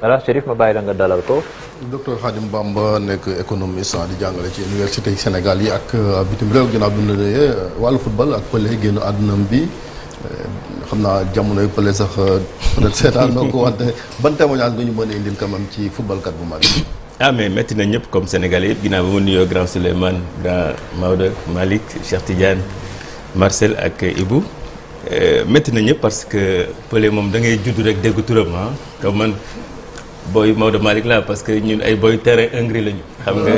voilà Chérif ma bàyyi la nga dalal ko. docteur Khadim Bamba nekk économiste di jàngale ci université Sénégal yi ak euh, bitim réew ginnaaw bi mu la euh, ak Pelé génn bi euh, xam naa jamonoy Pelé sax peut-être seetaan noo ko wante ban ñu mën a ci footballkat bu mag ah métti na ñëpp comme Sénégalais yëpp ginnaaw ma nuyoo grand Souleymane grand Maodo Malick Cheikh Marcel ak Ibou. métti na ñëpp parce que Pelé moom da ngay judd rek dégg turam ah man. booy Maodo Malick la parce que ñun ay booy terrain ingri lañu. xam nga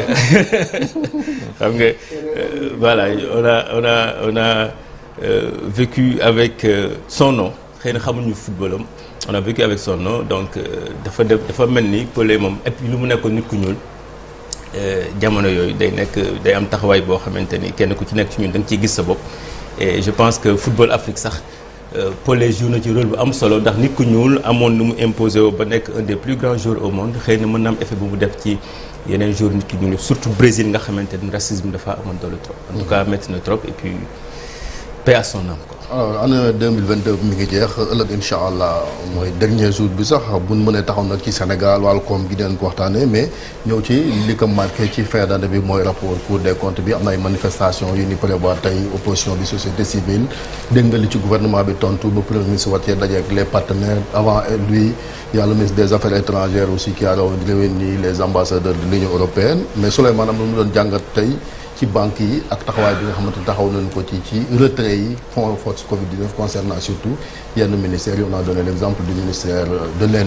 xam nga euh, voilà on a on a on a euh, vécu avec euh, son xëy na xamuñu football am on a vécu avec son donc euh, dafa def dafa mel ni Pelé moom et lu mu nekkoon nit ku ñuul. jamono yooyu day nekk day am taxawaay boo xamante ni kenn ku ci nekk ci ñun da nga gis sa bopp et je pense que football Afrique sax. collège euh, yu na ci rôle bu am solo ndax nit ku ñuul amoon nu mu imposé woo ba nekk un des plus grands joueurs au monde xëy na mën na am effet bu mu def ci yeneen joueurs nit ku ñuul surtout Brésil nga xamante ni racisme dafa amoon doole trop. en tout cas métti trop et puis paix à son âme quoi. alors année 2022 mi ngi jeex ëllëg incha allah mooy dernier jour bi sax bu ñu mënee taxaw nag ci Sénégal wàllu koom gi dinañ ko waxtaanee mais ñëw ci li ko marqué ci fin d'année bi mooy rapport Cour des comptes bi am na ay manifestations yu ni prévoir tey opposition bi société civile dégg nga ci guvernement bi tontu ba premier ministre wàccee daje ak les partenaires avant lui y a le ministre des affaires étrangères aussi qui a réuni les ambassadeurs de l'Union européenne am na mu doon jàngat tey. ci banque yi ak taxawaay bi nga xamante taxaw nañu ko ci ci retrait yi fonds force Covid 19 concernant surtout yenn ministères yi on a donné l' exemple du ministère de l'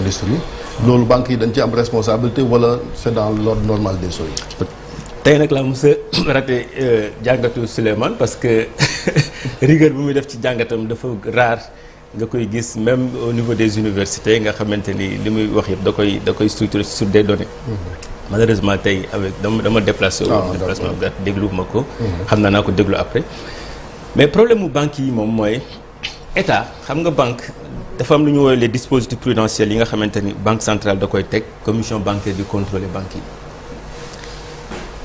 loolu banque yi dañ ci am responsabilité wala c' est dans l' normal des choses. tey nag laa mos a raté euh, jàngatu Souleymane parce que rigueur bi muy def ci jàngatam dafa rare nga koy gis même au niveau des universités nga xamante ni li muy wax yëpp da koy da koy structuré sur des malheureusement tey avec dama dama déplacé. waaw ah, déplacement déglu ma ko. xam naa naa ko déglu après. mais problème mu banque yi moom mooy état xam nga banque dafa am lu ñu woowee les dispositifs prudentiels yi nga xamante ni banque centrale da koy teg commission bancaire di contrôler banque yi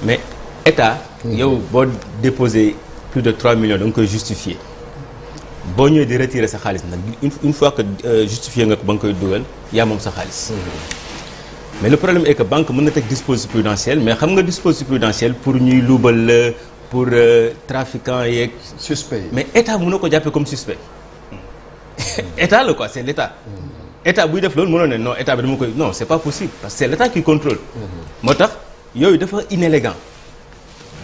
mais état. yow boo déposé plus de trois millions da nga koy justifier boo ñëwee di retirer sa xaalis nag une fois que euh, justifier nga ko ba nga koy dugal yaa moom sa xaalis. Mm-hmm. mais le problème est que banque mën na teg dispositif prudentiel mais xam nga dispositif prudentiel pour ñuy luubal la pour euh, trafiquant yeeg. suspect mais état mën na ko jàppee comme suspect état la quoi c' est l' état. buy def loolu mënoon ne non état bi dama koy no c' pas possible parce que c' est l' état moo tax yooyu dafa inélégant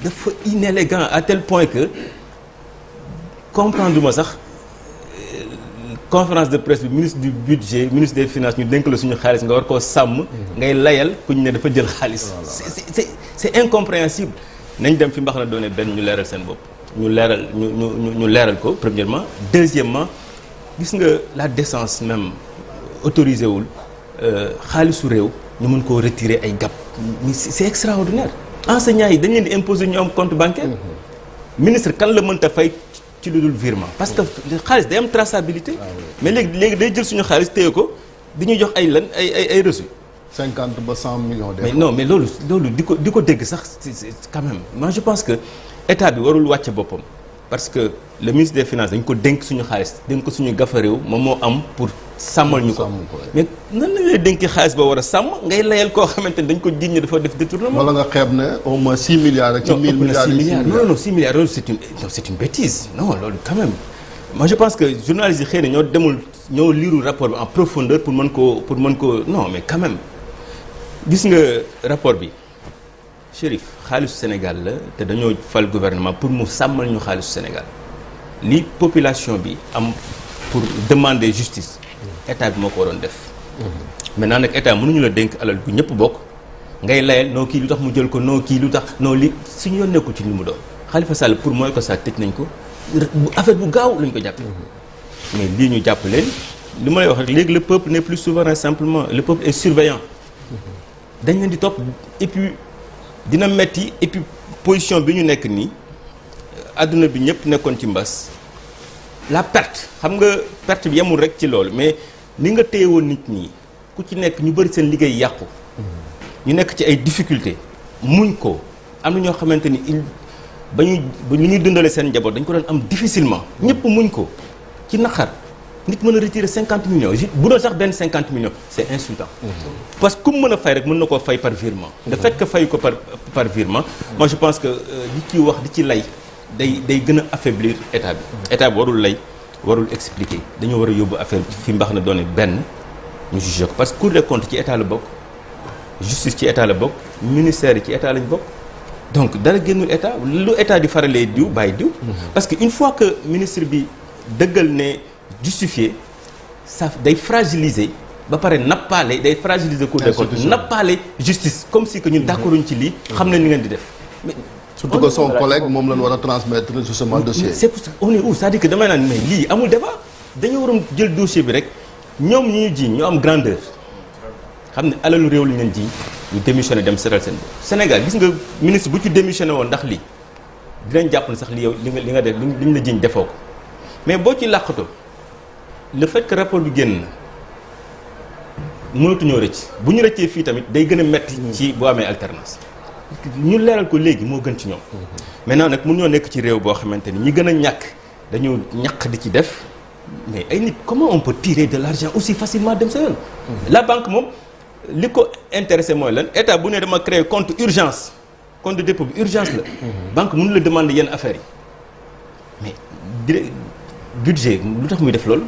dafa inélégant à tel point que comprendre ma sax. conférence de presse bi ministre du budget ministre des finances ñu dénk la suñu xaalis nga war koo sàmm. ngay layal kuñ ne dafa jël xaalis. c'est c'est c'est incompréhensible. nañ dem fi mbax na doone benn ñu leeral seen bopp ñu leeral ñu ñu ñu leeral ko premièrement. deuxièmement gis nga la décence même autorisé wul euh, xaalisu réew ñu mën koo retirer ay gàpp. mais c'est extraordinaire. enseignants yi dañ leen di imposer ñu am compte bancaire. Mm-hmm. ministre kan la mënta fay. ci lu dul virement parce que xaalis day am traçabilité ah mais léegi léegi day jël suñu xaalis téye ko di ñu jox ay lan ay ay ay reçu cinquante ba cent millions de mais non mais loolu loolu di ko di ko dégg sax quand même moi je pense que état bi warul wàcce boppam parce que le ministre des finance dañ ko dénk suñu xaalis dénk ko suñu gafa réew moom moo am pour sàmmal ñu ko mais nan lañ lay dénki xaalis boo war a sàmm ngay layal koo xamante ni dañ ko jiiñ ne dafa def détournement wala nga xeeb ne au moins six milliards ak ci mille milliards non loolu c'est une non c'est loolu quand même moi je pense que journalistes yi xëy na ñoo demul ñoo liiru rapport bi en profondeur pour mën ko pour man ko non mais quand même gis nga rapport bi Chérif xaalisu Sénégal la te dañoo fal gouvernement pour mu sàmmal ñu xaalisu Sénégal li population bi am pour demander justice état bi moo ko waroon def. maintenant nag état mënuñu la dénk alal bu ñëpp bokk ngay layal noo kii lu tax mu jël ko noo kii lu tax noo li suñu yoon nekkul ci li mu doon Khalifa Sall pour mooy ko saa tëj nañ ko bu affaire bu gaaw lañ ko jàppee. mais lii ñu jàpp leen li ma lay wax rek léegi le peuple n'est plus souverain simplement le peuple est dañ dina metti et position bi ñu nekk nii àdduna bi ñëpp nekkoon ci mbas la perte xam nga perte bi yemul rek ci loolu mais ni nga téye woon nit ñi ku ci nekk ñu bëri seen liggéey yàqu. Mm-hmm. ñu nekk ci ay difficultés muñ ko am na ñoo xamante ni ba ñuy ba ñuy dundale seen njaboot dañ ko doon am difficilement ñëpp muñ ko ci naqar. nit mën a retirer cinquante bu doon sax benn cinquante millions c'est insultant. Mm-hmm. parce que ku mu mën a fay rek mën na koo fay par virement. le fait que fay ko par par virement. Mm-hmm. je pense que li euh, ciy wax di ci lay day day gën a affaiblir état bi. Mm-hmm. état bi warul lay warul expliquer dañoo war a yóbbu affaire bi fi mbax na doone benn ñu jugé ko parce que Cour des comptes ci état la bokk justice ci état la bokk ministère yi ci état lañ bokk. donc dara génnul état lu état di faralee diw bàyyi diw. parce que une fois que ministre bi dëggal ne. justifier sa day fragiliser ba pare nappaale day fragiliser ko des comptes nappaale justice comme si que ñun d'accorduñ ci lii xam nañ ni ngeen di def mais surtout que son collègue moom lañ war a transmettre justement dossier c'est on est où c'est-à-dire damay naan mais lii amul débat dañu waroon jël dossier bi rek ñoom ñu ñu ji ñu am grandeur xam ne alalu réew lañ leen ji ñu démissionné dem seetal seen bopp Sénégal gis nga ministre bu ci démissionné woon ndax lii dinañ jàpp ne sax li yow li nga li nga def ñu la jiñ defoo mais boo ci làqatoo le fait que rapport bi génn mënatuñoo rëcc bu ñu rëccee fii tamit day gën a metti mm-hmm. ci boo amee alternance ñu leeral ko léegi moo gën ci ñoom mm-hmm. maintenant nag mun ñoo nekk ci réew boo xamante ni ñi gën a ñàkk dañu ñàkk di ci def mais ay nit comment on peut tirer de l'argent aussi facilement dem sa yoon mm-hmm. la banque moom li ko intéressé mooy lan état bu nee dama créer compte urgence compte de dépôt bi urgence la banque munu la demande yenn affaires yi mais budget lu muy def loolu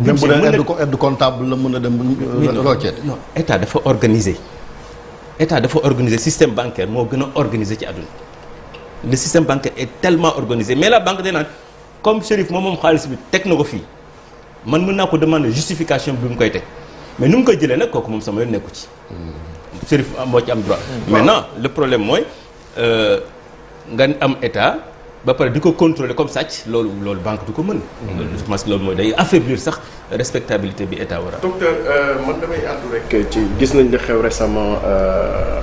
même bu dee aide aide comptable la mën a dem. Euh, non état dafa organisé état dafa organisé système bancaire moo gën a organiser ci àdduna le système bancaire est tellement organisé mais la banque day naan comme Chérif moom moom xaalis bi teg na ko fii man mën naa ko demander justification bi mu koy teg mais nu mu koy jëlee nag kooku moom sama yoon nekku ci. Chérif moo ci am droit. Hmm. maintenant le problème mooy euh, nga am état. ba pare di ko contrôler comme sàcc loolu loolu banque du ko mën. je pense loolu mooy day affaiblir sax respectabilité bi état war a. docteur euh, man damay àddu rek ci gis nañ li xew récemment euh,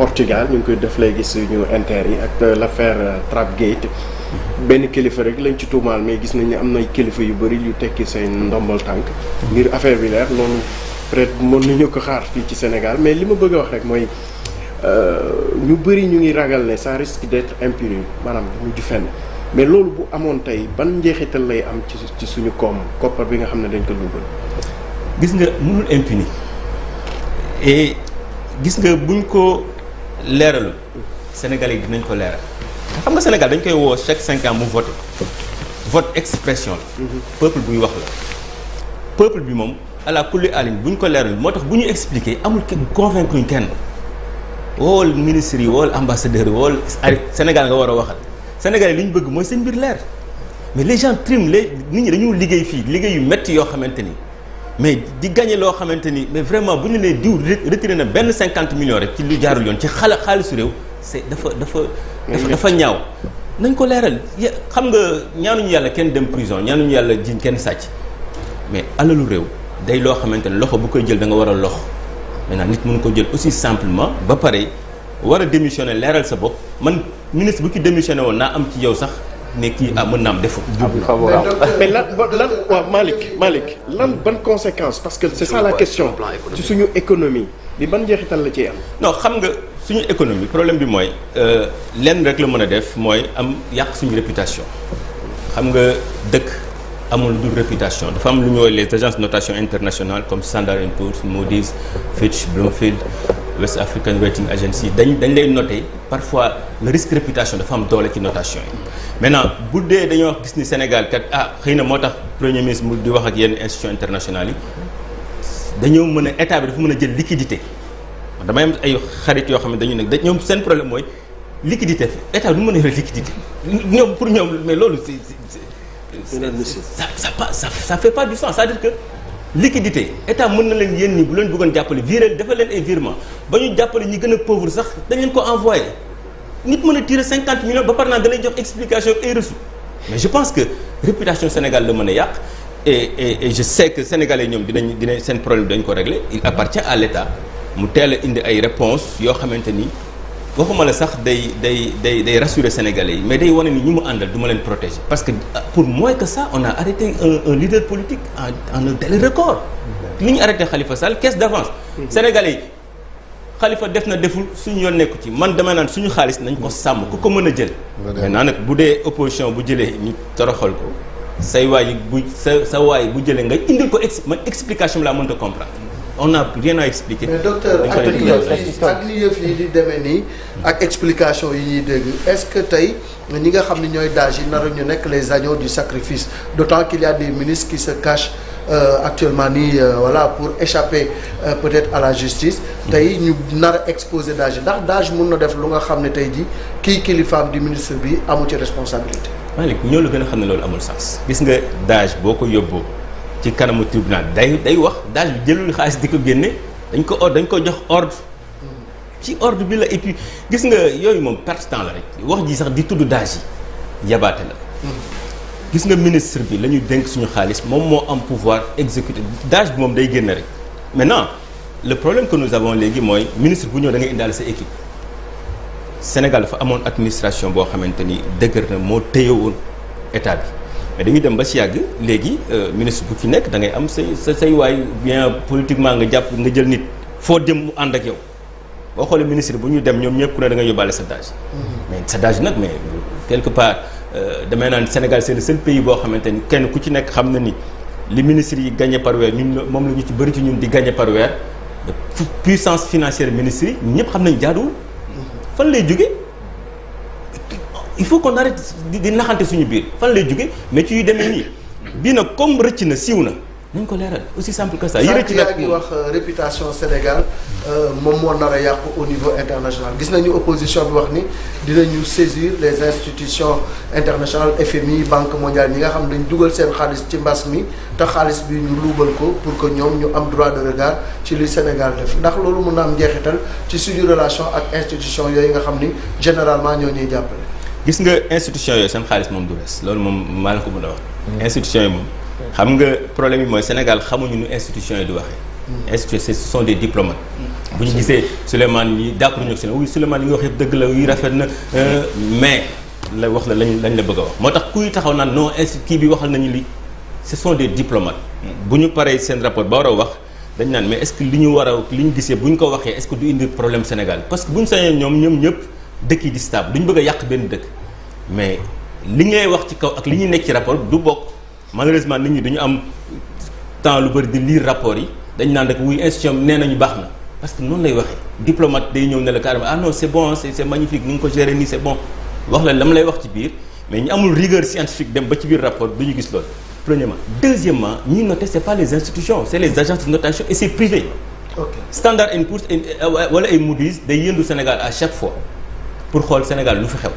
Portugal ñu ngi koy def léegi suñu inter yi ak euh, l' affaire Trapgate benn kilifa rek lañ ci tuumaal mais gis nañ ne am nay kilifa yu bëri yu tekki seen ndombal tànk. ngir affaire bi leer loolu peut-être mën nañu ko xaar fii ci Sénégal mais li ma bëgg a wax rek mooy. Euh, ñu bëri ñu ngi ragal ne ça risque d'être impuni maanaam du mujj fen mais loolu bu amoon tey ban njeexital lay am ci ci suñu koom koppar bi nga xam ne dañ ko luubal. gis nga mënul impuni et gis nga buñ ko leeralul sénégal yi dinañ ko leeral xam nga Sénégal dañ koy woo chaque cinq ans mu vote vote expression la. Mhm. peuple buy wax la. peuple bi moom à la couleur aline buñ ko leeralul moo tax bu ñu expliquer amul kenn convaincre ñu kenn. wool ministre yi wool ambassadeur yi wool Sénégal nga war a waxal Sénégal li ñu bëgg mooy seen mbir leer mais les gens triment les nit ñi dañu liggéey fii liggéey yu métti yoo xamante ni mais di gagné loo xamante ni mais vraiment bu ñu nee diw retiré na benn cinquante millions rek ci lu jaarul yoon ci xala xaalisu réew c'est dafa dafa dafa ñaaw nañ ko leeral xam nga ñaanuñu yàlla kenn dem prison ñaanuñu yàlla jiñ kenn sàcc mais alalu réew day loo xamante ne loxo bu koy jël da nga war a lox maintenant nit mën ko jël aussi simplement ba pare war a démissionner leeral sa bopp man ministre bu ci démissionné woon naa am ci yow sax ne kii ah mën naa am defu. Ah, mais lan lan waaw Malick Malick lan ban conséquence parce que c'est ça la question ci suñu économie bi ban njeexital la ciy am. non xam nga suñu économie problème bi mooy euh, lenn rek la mën a def mooy am yàq suñu réputation xam nga dëkk. amul du réputation dafa am lu ñooy les agences notation internationale comme Standard and Poor's Moody's Fitch Bloomfield West African Rating Agency dañ dañ lay noter parfois le risque réputation dafa am doole ci notation yi maintenant bu dee dañoo wax gis ni Sénégal kat ah xëy na moo tax premier ministre mu di wax ak yenn institutions internationales yi dañoo mën a état bi dafa mën a jël liquidité damay am ay xarit yoo xam ne dañu nekk da ñoom seen problème mooy liquidité état du mën a yore liquidité ñoom pour ça ça sa ça fait pas du sens cest dire que liquidité état mën na leen yéen ñi bu leen bëggoon jàppale viré dafa leen ay virement ba ñu jàppale ñi gën a pauvre sax dañ leen ko envoyé nit mën a tirer cinquante millions ba par naa dalay lay jox explication ay reçu mais je pense que réputation Sénégal la mën a yàq et et je sais que sénégalais ñoom dinañ dinañ seen problème dañ ko régler il appartient à l' état mu teel a indi ay réponses yoo xamante nii waxuma la sax day day day day rassurer sénégalais yi mais day wane ni ñu mu àndal duma leen protéger. parce que euh, pour mooy que ça on a arrêté un un leader politique en en un record. li ñu arrêté xalifa Sall caisse d'avance. Mm-hmm. sénégalais yi xalifa def na deful suñu yoon nekku ci man dama suñu xaalis nañ ko sàmm ku ko mën a jël. naa nag bu dee opposition bu jëlee ñu toroxal ko say waay bu sa sa waay bu jëlee nga indil ko ex man explication laa mënta comprendre. on n'a rien à expliquer. mais li yëf yi di demee nii ak explication yi ñuy dégg est-ce que tey ñi nga xam ne ñooy daaj yi nar ñu nekk les agneaux di sacrifice d'autant qu'il y a des ministres qui se cachent euh, actuellement nii euh, voilà pour échapper euh, peut-être à la justice. tey ñu nar a exposer daaj ndax daaj mun na def lu nga xam ne tey jii kii kilifaam di ministre bi amu ci responsabilité. Malick ñoo la gën a xam ne loolu amul sens. gis nga daaj boo ko yóbboo. ci kanamu naa day day wax daaj bi jëlul xaalis di ko génne dañ ko dañ ko jox ord ci ord bi la et gis nga yooyu moom perte temps la rek wax ji sax di tudd daaj yi yabaate la gis nga ministre bi la ñuy dénk suñu xaalis moom moo am pouvoir exécutif daaj bi moom day génne rek maintenant le problème que nous avons léegi mooy ministre bu ñëw da ngay indaale sa équipe Sénégal dafa amoon administration boo xamante ni dëgër na moo téye woon état bi mais dañuy dem ba si yàgg léegi euh, ministre bu fi nekk dangay am say sa say waay bien politiquement nga jàpp nga jël nit foo dem mu ànd ak yow boo xoolee ministre bu ñu dem ñoom ñëpp ku ne da nga sa saddage mm-hmm. mais saddage nag mais quelque part euh, demee naan Sénégal c'est le seul pays boo xamante ni kenn ku ci nekk xam na ni li ministre yi gagné par weer ñun moom la ñu ci bëri ci ñun di gagné par weer puissance financière ministre yi ñëpp xam nañ jaaduwul mm-hmm. fan lay jóge il faut que qu'on arrête di naxante suñu biir fan lay jóge mais ci yu demee nii bii nag comme rëcc na siiw na nañ ko leeral aussi simple que ça. yi rëcc na yaa ngi wax euh, réputation euh, moom moo nar a yàqu au niveau international gis nañu opposition bi wax ni dina ñu saisir les institutions internationales FMI Banque mondiale ñi nga xam dañ dugal seen xaalis ci mbas mi te xaalis bi ñu luubal ko pour que ñoom ñu am droit de regard ci li Sénégal def ndax loolu mun na am njeexital ci suñu relation ak institution yooyu nga xam ni généralement ñoo ñuy jàppale. gis nga institution yooyu seen xaalis moom du res loolu moom maa la ko mën a wax. Mm. institution yi moom. xam nga problème yi mooy Sénégal xamuñu nu institution yi di waxee. Mm. institution ce sont des diplomates. Mm. bu ñu gisee Souleymane yi d' accord ñu si ne oui Souleymane yi nga wax dëgg la yi rafet na euh, mais la wax la lañ lañ la bëgg a wax moo tax kuy taxaw naan non kii bi waxal nañu li ce sont des diplomates. ñu paree seen rapport ba war a wax dañ naan mais est li ñu war a li ñu gisee bu ñu ko waxee est ce que du indi problème Sénégal parce que bu ñu sañee ñoom ñoom ñëpp. dëkk yi di stable duñ bëgg a yàq benn dëkk mais li ngay wax ci kaw ak li ñuy nekk ci rapport du bokk malheureusement nit ñi duñu am temps lu bëri di lire rapport yi dañ naan rek wuy institution nee nañu baax na parce que noonu lay waxee diplomate day ñëw ne la carrément ah non c'est bon c'est magnifique ni nga ko gérer nii c'est bon wax la lam lay wax ci biir mais ñu amul rigueur scientifique dem ba ci biir rapport du ñu gis loolu premièrement deuxièmement ñi noté c'est pas les institutions c'est les agences de notation et c'est euh, wala ay Moody's day yëndu Sénégal à chaque fois pour xool Sénégal lu fi xew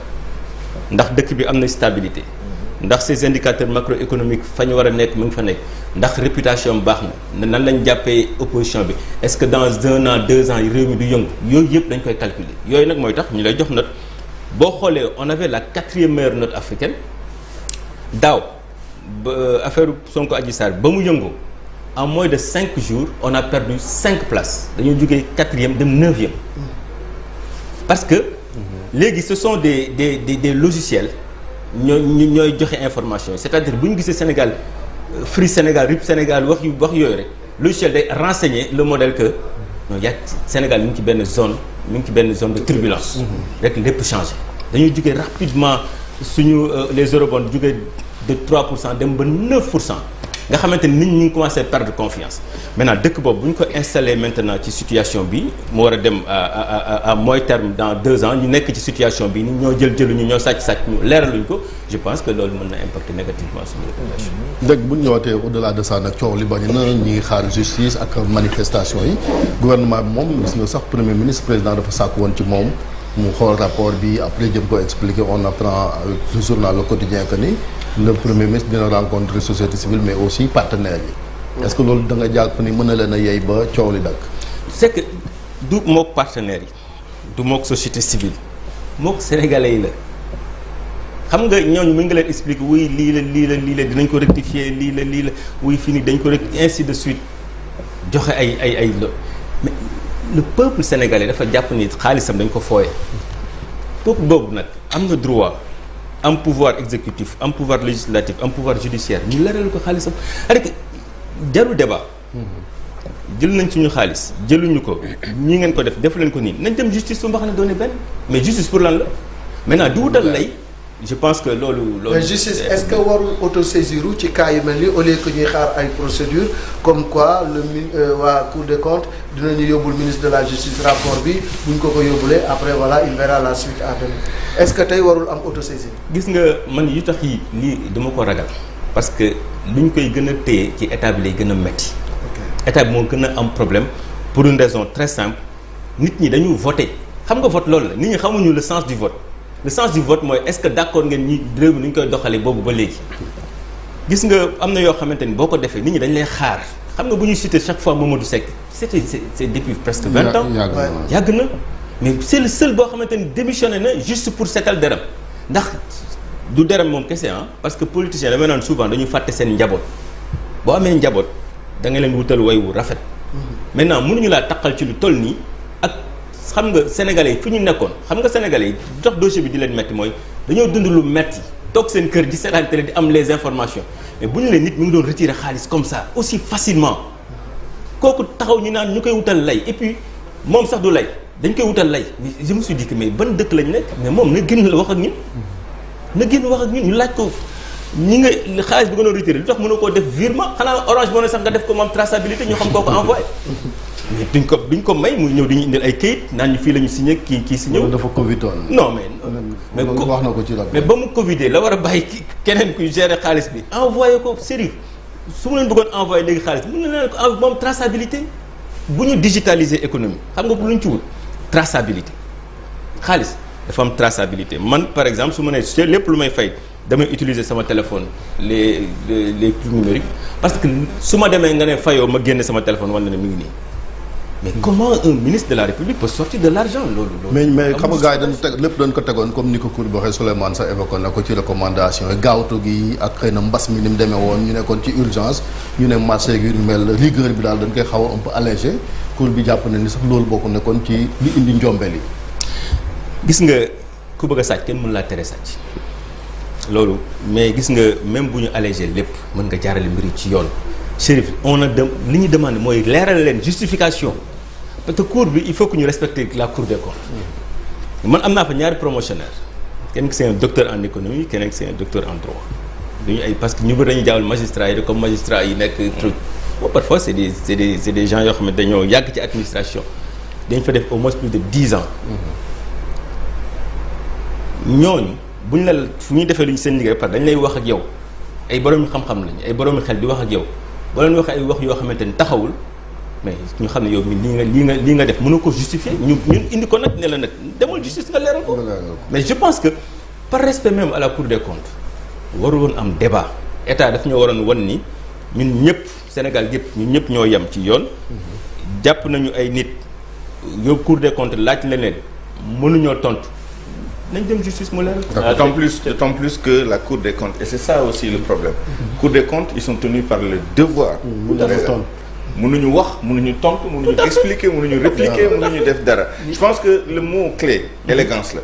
ndax dëkk bi am na stabilité ndax ces indicateurs macroéconomiques fa ñu war a nekk mu ngi fa nekk ndax réputation baax na nan lañ jàppee opposition bi est-ce que dans un an deux ans réew mi du yëngu yooyu yëpp dañ koy calculer yooyu nag mooy tax ñu lay jox note boo xoolee on avait la quatrième meilleure note africaine daaw euh, affaire Sonko aji Sarr ba mu yëngoo en moins de cinq jours on a perdu cinq places dañoo jógee quatrième dem neuvième parce léegi ce son des des des, des logiciels ñooñu ñooy joxe information yi c'est-à-dire bu ñu gisee Sénégal euh, Free Sénégal RIP Sénégal wax yu wax yooyu rek logiciel day renseigner le modèle que non yaa Sénégal mu ngi ci benn zone mu ngi ci benn zone de turbulence. Mm-hmm. rek lépp changé dañuy jógee rapidement suñu euh, les eurobonds jógee de 3 pour cent dem ba 9 pour cent. nga xamante ni nit ñi ngi commencé perdre confiance maintenant dëkk boobu bu ñu ko installé maintenant ci situation bi mu war a dem euh, euh, euh, à à dans deux ans ñu nekk ci situation bi nit ñoo jël jëluñu ñoo sàcc sàcc ñu leeraluñ ko je pense que loolu mën na impacter négativement suñu population. dëgg bu ñu ñëwaatee au delà de ça nag coow li bañ na ñu ngi xaar justice ak manifestation yi gouvernement bi moom gis nga sax premier ministre président dafa sàkk woon ci moom. mu xool rapport bi après jëm ko expliquer on apprend euh, avec le journal Le le premier ministre dina rencontrer société civile mais aussi partenaires yi. est que loolu danga nga jàpp ni mën na leen a yey ba coow li dakk c'est que du mook partenaires yi du mook société civile mook sénégalais yi la xam nga ñooñu mën nga leen expliquer wuy lii la lii la lii la dinañ ko rectifier lii la lii la wuy fii nii dañ ko rectifier ainsi de suite joxe ay ay ay mais le peuple sénégalais dafa jàpp ni xaalisam dañ ko fooye peuple boobu nag am na droit am pouvoir exécutif am pouvoir législatif am pouvoir judiciaire ñu leeral ko xaalisam arrêté jarul débat jël nañ suñu xaalis jëluñu ko ñi ngeen ko def def leen ko nii nañ dem justice su mbax ne doone benn mais justice pour lan la maintenant di wutal lay je pense que loolu. loolu justice est-ce que warul autosaisir ci cas yu mel ni au lieu ñuy xaar ay procédure comme quoi le mi euh, waa cour des comptes ñu yóbbul ministre de la justice rapport bi bu ko ko yóbbulee après voilà il verra la suite à est-ce que tey warul am autosaisir. gis nga man yi tax yi lii dama ko ragal parce que lu ñu koy gën a téye ci état bi lay gën a metti état bi moo gën a am problème pour une raison très simple nit ñi dañu voté xam nga vote loolu la nit ñi xamuñu le sens du vote. le sens du vote mooy est-ce que d'accord ngeen ñi réew mi ni ñu koy doxalee boobu ba léegi gis nga am na yoo xamante ni boo ko defee nit ñi dañ lay xaar xam nga bu ñuy citer chaque fois Mamadou Seck c'était c'est depuis presque vingt ans yàgg na mais c'est le boo xamante ni démissionné na juste pour setal deram ndax du deram moom kese ah parce que politicien damay naan souvent dañu fàtte seen njaboot boo amee njaboot da nga leen wutal way wu rafet mm-hmm. maintenant mënuñu laa taqal ci lu toll nii xam nga sénégalais yi fu ñu nekkoon xam nga sénégalais yi tax dossier bi di leen metti mooy dañoo dund lu metti toog seen kër di seetaan télé di am les informations mais bu ñu leen nit mu ngi doon retirer xaalis comme ça aussi facilement kooku taxaw ñu naan ñu koy wutal lay et puis moom sax du lay dañ koy wutal lay je me suis dit que mais ban dëkk lañ nekk mais moom na génn la wax ak ñun na génn wax ak ñun ñu laaj ko ñi nga xaalis bi nga doon retirer lu tax mënoo koo def virement xanaa orange moo ne sax nga def ko moom traçabilité ñu xam koo ko envoyé mais duñ ko duñ ko may muy ñëw di ñu indil ay kayit naan ñu fii la ñu signé kii kii si ñëw. dafa covidoon. non mais. mais wax na ko ci mais ba mu covidé la war a bàyyi keneen kuy gérer xaalis bi. envoyé ko série su ma leen bëggoon envoyé léegi xaalis mën na leen ko moom traçabilité bu ñu digitaliser économie xam nga lu ñu ci wut traçabilité xaalis dafa am traçabilité man par exemple su ma nee su lépp lu may fay. damay utiliser sama téléphone les les les trucs numériques parce que su ma demee nga ne fayoo ma génne sama téléphone wala ne mi ngi nii mais comment un ministre de la république peut sortir de l'argent loolu. mais mais xam nga teg lépp dañ ko tegoon comme ni ko Cour bi waxee Souleymane sax évoqué na ko ci recommandation yi gi ak xëy na mbas mi ni mu demee woon ñu nekkoon ci urgence ñu ne marché gi mel rigueur bi daal dañ xaw a un peu allégé bi jàpp na ni sax loolu boo ko nekkoon ci li indi njombeel yi. gis nga ku bëgg a sàcc kenn mën laa tere sàcc loolu mais gis nga même bu ñu allégé lépp mën nga jaarale mbir ci yoon Chérif on a dem li ñu demandé mooy leeral leen justification. parce que cour bi il faut que ñu respecter la cour des comptes man am naa fa ñaari promotionnaire kenn ki c'est un en économie keneen ki c'est un docteur en droit dañu ay parce que ñu bëri dañuy jaawal magistrat yi comme magistrat yi nekk truc bon parfois c'est des c'est des c'est des gens yoo xam ne dañoo yàgg ci administration dañ fa def au moins plus de dix ans ñooñu bu ñu la fu ñuy defee lu ñu seen liggéey par dañu lay wax ak yow ay boroomi xam-xam lañu ay boroomi xel di wax ak yow boo leen wax ay wax yoo xamante ni taxawul mais ñu xam ne yow mi lii nga lii nga lii nga def mënoo ko justifier ñu ñun indi ko nag ne la nag demal justice nga leeral ko mais je pense que par respect même à la cour des comptes waru woon am débat état daf ñoo waroon wan nii ñun ñëpp Sénégal yëpp ñun ñëpp ñoo yem ci yoon jàpp nañu ay nit yow cour des comptes laaj na leen mënuñoo tontu nañ dem justice mu leeral d'autant plus d'autant plus que la cour des comptes et c'est ça aussi le problème cour des comptes ils sont par le devoir pour mënuñu wax mënuñu tontu mënuñu expliquer mënuñu répliquer mënuñu def dara je pense que le mot clé élégance la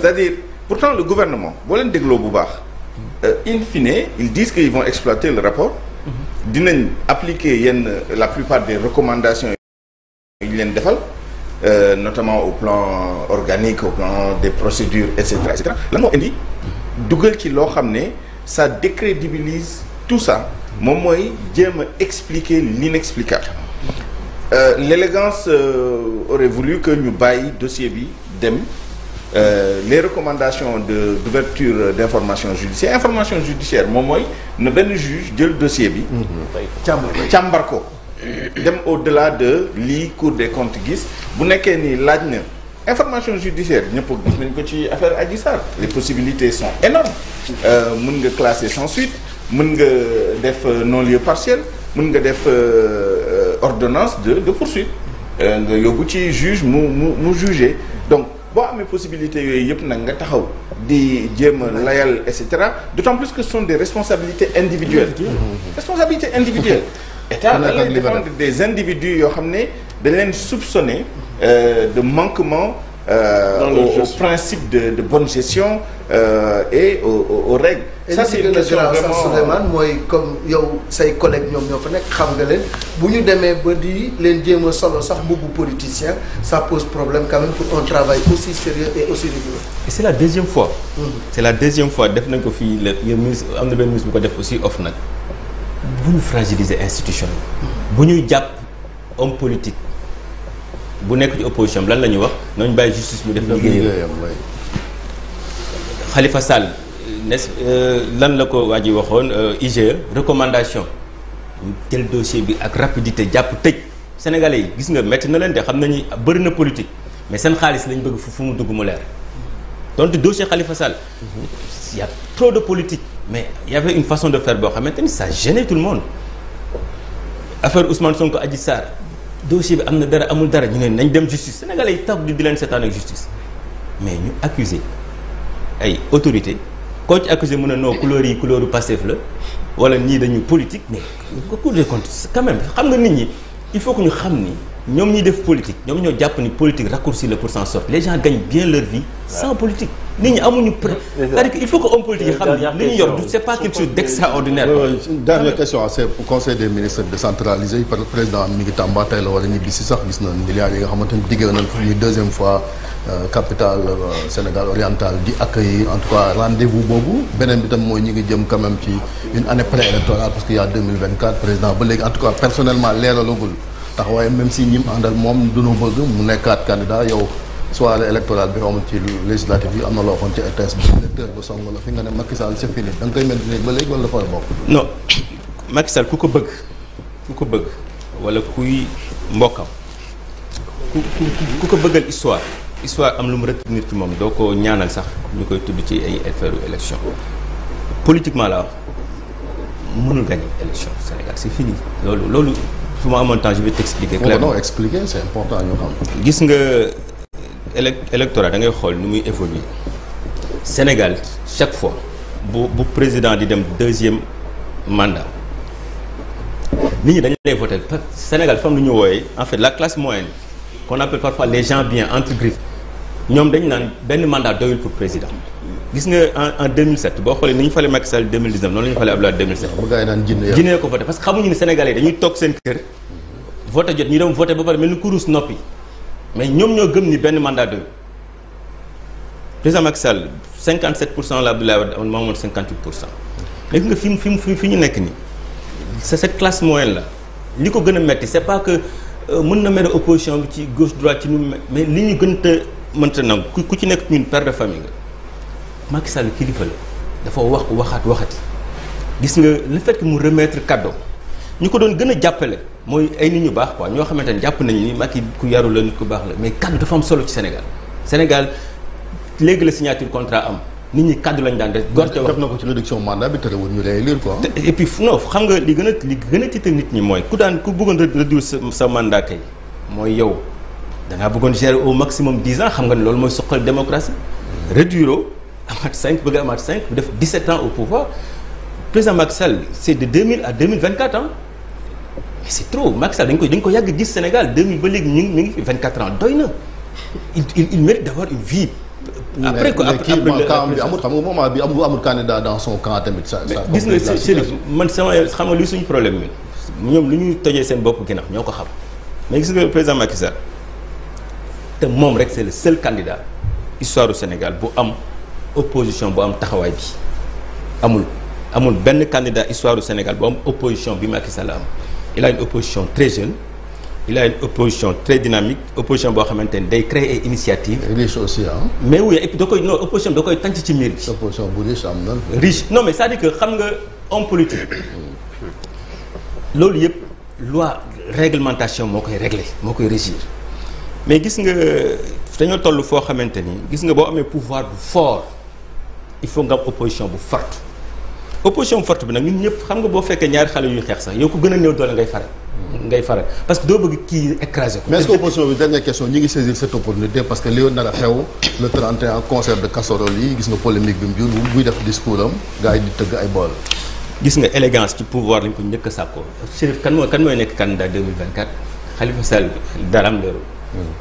c'est-à-dire pourtant le gouvernement boo leen dégloo bu baax euh, infine fine ils disent qu'ils vont exploiter le rapport mhm. dinañ appliquer yenn la plupart des recommandations yi ñu leen defal euh, notamment au plan organique au plan des procédures et cetera et indi mhm. dugal ci loo xam ne ça décrédibilise tout ça moom mooy jéem a expliquer l'inexplicable euh, l'élégance euh, aurait voulu que ñu bàyyi dossier bi dem Euh, les recommandations de d'ouverture d'information judiciaire information judiciaire moom mooy na benn juge jël dossier bi càmbar ko dem au-delà de lii Cour des comptes gis bu nekkee ni laaj na information judiciaire ñëpp gis nañ ko ci affaire Adji Sarr les possibilités sont énormes euh, mën nga classer sans suite mën nga def euh, non lieu partiel mën nga def euh, euh, ordonnance de de poursuite nga yóbbu ci juge mu mu mu juger donc boo amee possibilité yooyu yëpp nag nga taxaw di jéem a layal et cetera d'autant plus que ce sont des responsabilités individuelles mmh. responsabilité individuelles état da lay défendre des individus yoo xam ne daleen leen soupçonné de manquement Euh, au, au principe de, de bonne gestion euh, et aux, aux règles. Et ça c'est une question vraiment mooy comme yow say collègues ñoom ñoo fa nekk xam nga leen bu ñu demee ba di leen jéem a solo sax mbubbu politicien ça pose problème quand même pour un travail aussi sérieux et aussi rigoureux. c'est la deuxième fois. Mm -hmm. c'est la deuxième fois def nañ ko fii le ministre am na benn ministre bu ko def aussi off nag bu ñu fragiliser institution mm-hmm. bu ñuy jàpp homme politique. bu nekk ci opposition lan la ñuy wax nañu bàyyi justice mu def liggéeyam Khalifa Sall n'est euh, lan la ko waa ji waxoon euh, IGE recommandation tel dossier bi ak rapidité jàpp tëj sénégalais yi gis nga métti na leen de xam nañu bëri na politique mais seen xaalis lañ bëgg fu mu dugg mu leer donc dossier Khalifa Sall il a trop de politique mais il y avait une façon de faire boo xamante ni ça gênait tout le monde affaire Ousmane Sonko Adji Sarr dossier bi am na dara amul dara ñu ne nañ dem justice sénégalais yi toog di di leen seetaan ak justice mais ñu accuser ay autorité koo ci accusé mën na noo couleur yi couleur Pastef la wala nii dañu politique mais ko Cour des comptes quand xam nga nit ñi il faut que ñu xam ni ñoom ñuy def politique ñoom ñoo jàpp ni politique raccourci la pour s'en sortir les gens gagnent bien leur vie sans politique nit ñi amuñu pré cest que il faut que homme politique yi xam ni li ñu yor du c'est pas quelque chose d'extraordinaire dernière question c'est au conseil des ministres décentralisé par le président mi ngi Tamba ñibbi si sax gis na milliards yi nga xamante ni diggée nañ fi deuxième fois euh, capitale euh, Sénégal oriental di accueillir en tout cas rendez boobu beneen bi tam mooy ñi ngi jëm quand ci une année préélectorale parce que y taxawaayam même si ñim àndal moom duñu bëgg mu nekkaat candidat yow soirée électorale bi amoon ci législative yi am na loo waxoon ci RTS bi électeur ba song la fi nga ne Macky Sall c'est fini da nga koy maintenir ba léegi wala dafay bokk. non Macky Sall ku ko bëgg ku ko bëgg wala kuy mbokkam ku ku ku ko bëggal histoire histoire am lu mu retenir ci moom doo ko ñaanal sax ñu koy tudd ci ay affaire élection politiquement la wax mënul gagner élection Sénégal c'est fini su ma amoon temps je vais t'expliquer clairement non expliquer c'est important ñu gis nga élec électorat da ngay xool nu muy évoluer Sénégal chaque fois bu bu président di dem deuxième mandat nit ñi dañu lay voter Sénégal fam lu ñu wooyee en fait la classe moyenne qu'on appelle parfois les gens bien entre griffes ñoom dañu naan benn mandat doyul pour président. gis nga en en 2007 boo xoolee ni ñu falee Macky Sall 2019 noonu la ñu falee Abdoulaye 2007. waaw gars jinne jinne ko voté parce que xamuñu ne Sénégalais dañuy toog seen kër. voté jot ñu dem voté ba mel ni kurus noppi mais ñoom ñoo gëm ni benn mandat doyul président Macky Sall 57 pour cent la Abdoulaye Wade amoon moo amoon pour cent. léegi nga fi mu fi mu fi ñu nekk nii c'est cette classe moyenne la li ko gën a metti c'est pas que euh, mën na mere opposition ci gauche droite ci nu mais li ñu gën te mënta nangu ku ci nekk ñun père de famille Macky Sall kilifa la dafa wax waxaat waxati gis nga le fekk que mu remettre cadeau ñu ko doon gën a jàppale mooy ay nit ñu baax waa ñoo xamante ne jàpp nañu ni Macky ku yaru la nit ku baax la mais cadeau dafa am solo ci Sénégal Sénégal léegi la signature contrat am nit ñi kàddu lañ daan def. gorte wax na ko ci réduction mandat bi terewul ñu réélire nga li gën a a tiital nit ñi mooy ku daan ku bëggoon réduire sa sa mandat kay mooy yow da ngaa bëggoon gérer au maximum dix ans xam nga ne loolu mooy suqal démocratie réduire amaat 5 bëgg amaat 5 def 17 ans au pouvoir président Macky Sall c' est de 2000 à 2024 ans mais c' trop Macky dañ ko dañ ko yàgg gis Sénégal 2000 ba léegi ñu ngi mu ngi fi 24 ans doy na il il il mérite d' avoir une vie. après quoi après mais kii bi amul xam nga moment bi amul amul candidat dans son camp tamit. sa sa man sama xam nga li suñu problème bi ñoom lu ñuy tojee seen bopp ginnaaw ñoo ko xam mais gis nga président Macky Sall te moom rek le seul candidat histoire Sénégal bu am. opposition boo am taxawaay bi amul amul benn candidat histoire du Sénégal bu am opposition bi ma Sall am il a une opposition très jeune il a une opposition très dynamique opposition boo xamante ni day créer ay initiative mais oui et puis da koy non opposition bi da koy tànc ci miir bi. opposition bu riche am na. riche loolu yëpp loi réglementation moo koy régler moo koy régir mais gis nga dañoo toll foo xamante ni gis nga boo amee pouvoir bu fort. il faut nga am opposition bu fort opposition bu fort bi nag ñun ñëpp xam nga boo fekkee ñaari xale yuy xeex sax yow ko gën a néew doole ngay faral. ngay faral parce que doo bëgg kii écrasé ko. mais est-ce que opposition bi dernière question ñi ngi saisir cette opportunité a xew le 31 concert de am ay bool. gis nga élégance ci pouvoir lañ ko njëkk a sàkkoo Chérif kan mooy kan mooy nekk candidat 2024 Khalifa Sall daraam leeru. Hmm.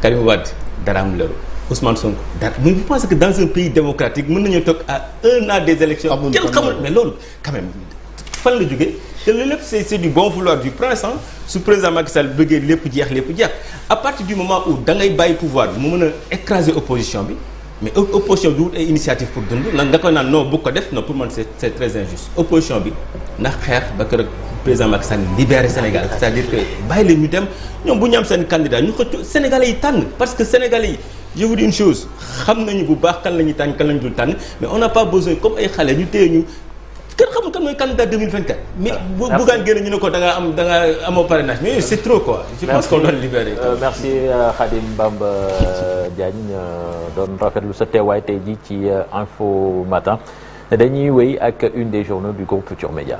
Karim Wade daraam leeru. Ousmane Sonko. d'accord mais vous pensez que dans un pays démocratique mën nañoo toog à un an des élections kenn xamul mais loolu quand même fan la jógee te loolu lépp c'est c'est du bon vouloir du prince ah su président Macky Sall lépp jeex lépp jeex à partir du moment où ngay bàyyi pouvoir bi mu bi mais opposition bi pour dund nag nga koy naan non bu ko def non pour man c'est c'est très injuste opposition bi ndax xeex ba kër président Macky Sall libéré Sénégal c'est-à-dire que bàyyi leen ñu dem ñoom bu ñu am seen candidat ñu xëcc Sénégalais yi tànn parce que Sénégalais yi je vous dis une chose xam nañu bu baax kan la ñuy kan la ñu tànk tànn mais on n'a pas besoin comme ay xale ñu téye ñu kenn xamul kan mooy candidat 2024. mais ah, bu bugaan ñu ne ko da ngaa am da ngaa amoo parrainage mais c'est trop quoi. je pense qu'on doit libérer. a euh, euh, Khadim Bamba euh, Diagne doon lu sa teewaay tey jii ci info matin dañuy wéy ak une des journaux du groupe Futur Média.